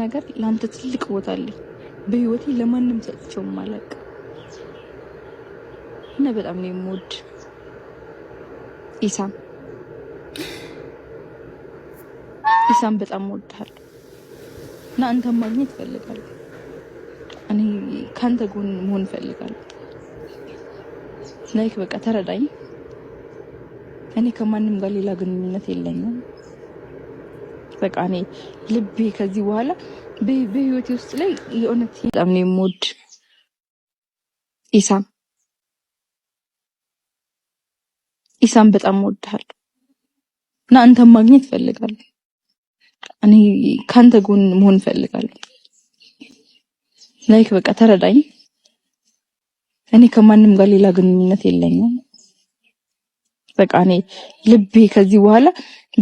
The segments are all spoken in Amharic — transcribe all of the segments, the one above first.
ነገር ለአንተ ትልቅ ቦታ አለኝ። በህይወቴ ለማንም ሰጥቼውም አላውቅም እና በጣም ነው የምወድ ኢሳም። ኢሳም በጣም እወድሃለሁ እና አንተን ማግኘት ይፈልጋል። እኔ ከአንተ ጎን መሆን ይፈልጋል። ላይክ በቃ ተረዳኝ። እኔ ከማንም ጋር ሌላ ግንኙነት የለኝም። በቃ እኔ ልቤ ከዚህ በኋላ በህይወቴ ውስጥ ላይ የእውነት በጣም ነው የምወድ ኢሳም ኢሳም በጣም ወድሃል እና አንተን ማግኘት እፈልጋለሁ። እኔ ከአንተ ጎን መሆን እፈልጋለሁ። ላይክ በቃ ተረዳኝ። እኔ ከማንም ጋር ሌላ ግንኙነት የለኝም። በቃ እኔ ልቤ ከዚህ በኋላ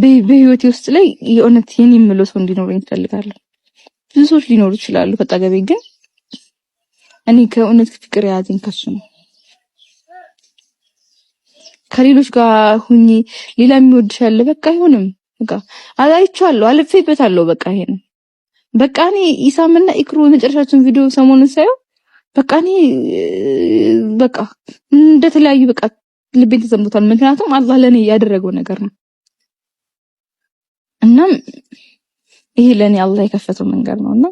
በህይወቴ ውስጥ ላይ የእውነት የኔ የምለው ሰው እንዲኖረኝ እፈልጋለሁ። ብዙ ሰዎች ሊኖሩ ይችላሉ ከጠገቤ፣ ግን እኔ ከእውነት ፍቅር የያዘኝ ከሱ ነው። ከሌሎች ጋር ሁኜ ሌላ የሚወድሽ ያለ በቃ አይሆንም። በቃ አልፌበት አልፌበታለሁ። በቃ ይሄን በቃ እኔ ኢሳምና ኢክሩ የመጨረሻችን ቪዲዮ ሰሞኑን ሳየው በቃ እኔ በቃ እንደተለያዩ በቃ ልቤን ተሰምቶታል። ምክንያቱም አላህ ለኔ ያደረገው ነገር ነው። እናም ይሄ ለኔ አላህ የከፈተው መንገድ ነውና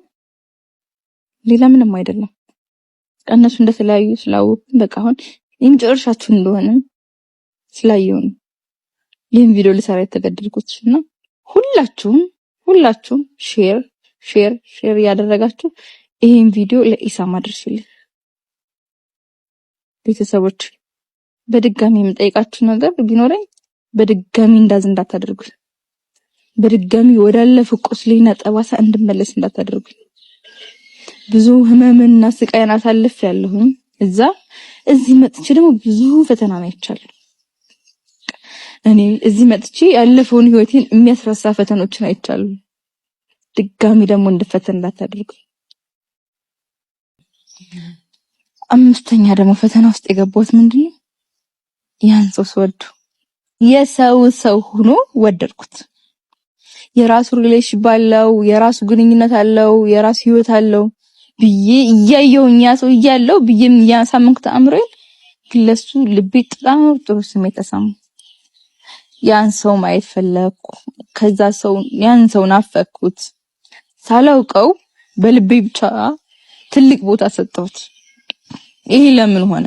ሌላ ምንም አይደለም። ቀነሱ እንደተለያዩ ስላወቅን በቃ አሁን የመጨረሻችሁ እንደሆነ ስላየው ነው ይህን ቪዲዮ ልሰራ የተገደድኩት እና ሁላችሁም ሁላችሁም ሼር ሼር ሼር እያደረጋችሁ ይህን ቪዲዮ ለኢሳም አድርሱልኝ ቤተሰቦች። በድጋሚ የምጠይቃችሁ ነገር ቢኖረኝ በድጋሚ እንዳዝ እንዳታደርጉኝ፣ በድጋሚ ወዳለፈ ቁስሌና ጠባሳ እንድመለስ እንዳታደርጉት ብዙ ህመምና ስቃይን አሳልፍ ያለሁኝ እዛ እዚህ መጥቼ ደግሞ ብዙ ፈተና አይቻለሁ። እኔ እዚህ መጥቼ ያለፈውን ህይወቴን የሚያስረሳ ፈተኖችን አይቻለሁ። ድጋሚ ደግሞ እንድፈተን እንዳታደርጉ? አምስተኛ ደግሞ ፈተና ውስጥ የገባሁት ምንድን ነው ያን ሰው ስወደው የሰው ሰው ሆኖ ወደድኩት። የራሱ ሪሌሽን አለው፣ የራሱ ግንኙነት አለው፣ የራሱ ህይወት አለው ብዬ እያየሁኝ ያ ሰው እያለው ብዬም ያሳመንኩት አእምሮዬ ግለሱ ልቤ በጣም ጥሩ ስሜት ተሰማ። ያን ሰው ማየት ፈለግኩ። ከዛ ሰው ያን ሰው ናፈኩት። ሳላውቀው በልቤ ብቻ ትልቅ ቦታ ሰጠሁት። ይሄ ለምን ሆነ?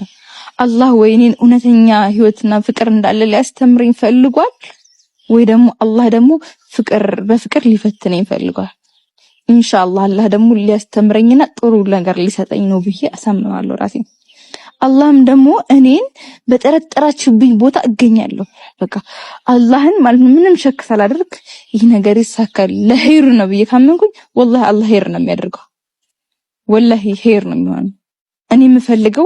አላህ ወይ እኔን እውነተኛ ህይወትና ፍቅር እንዳለ ሊያስተምረኝ ፈልጓል፣ ወይ ደግሞ አላህ ደግሞ ፍቅር በፍቅር ሊፈትነኝ ፈልጓል። ኢንሻአላህ አላህ ደግሞ ሊያስተምረኝና ጥሩ ነገር ሊሰጠኝ ነው ብዬ አሳምናለሁ ራሴ አላህም ደግሞ እኔን በጠረጠራችሁብኝ ቦታ እገኛለሁ። በቃ አላህን ማለት ነው ምንም ሸክ ሳላደርግ ይህ ነገር ይሳካል ለኸይሩ ነው ብዬ ካመንኩኝ ወላሂ አላህ ሄር ነው የሚያደርገው። ወላሂ ኸይር ነው የሚሆነው። እኔ የምፈልገው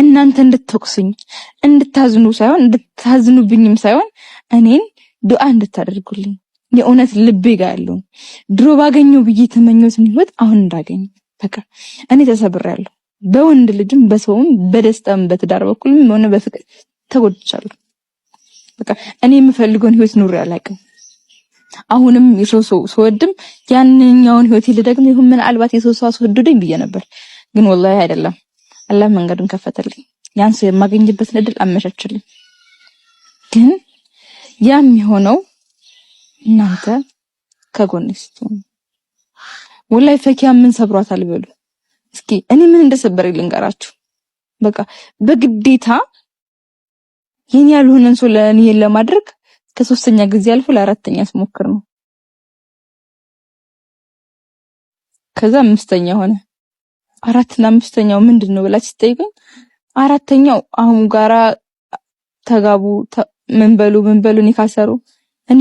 እናንተ እንድትወቅሱኝ እንድታዝኑ ሳይሆን እንድታዝኑብኝም ሳይሆን እኔን ዱዓ እንድታደርጉልኝ የእውነት ልቤ ጋር ድሮ ባገኘው ብዬ የተመኘሁትን ህይወት አሁን እንዳገኝ በቃ እኔ ተሰብሬያለሁ። በወንድ ልጅም በሰውም በደስታም በትዳር በኩልም ሆነ በፍቅር ተጎድቻለሁ። በቃ እኔ የምፈልገውን ህይወት ኑሬ አላውቅም። አሁንም የሰው ሰው ስወድም ያንኛውን ህይወት ልደግም ይሁን ምናልባት የሰው ሰው አስወድደኝ ብዬ ነበር፣ ግን ወላሂ አይደለም አላህ መንገዱን ከፈተልኝ። ያን ሰው የማገኝበትን እድል አመቻችልኝ። ግን ያ የሚሆነው እናንተ ከጎኔ ስትሆኑ። ወላይ ፈኪያ ምን ሰብሯታል በሉ እስኪ። እኔ ምን እንደሰበረኝ ልንገራችሁ። በቃ በግዴታ ይህን ያልሆነን ሰው ለኔ ለማድረግ ከሶስተኛ ጊዜ አልፎ ለአራተኛ ስሞክር ነው። ከዛ አምስተኛ ሆነ። አራትና አምስተኛው ምንድን ነው ብላ አራተኛው አህሙ ጋራ ተጋቡ ምን በሉ ምን በሉ ኒካ ሰሩ እኔ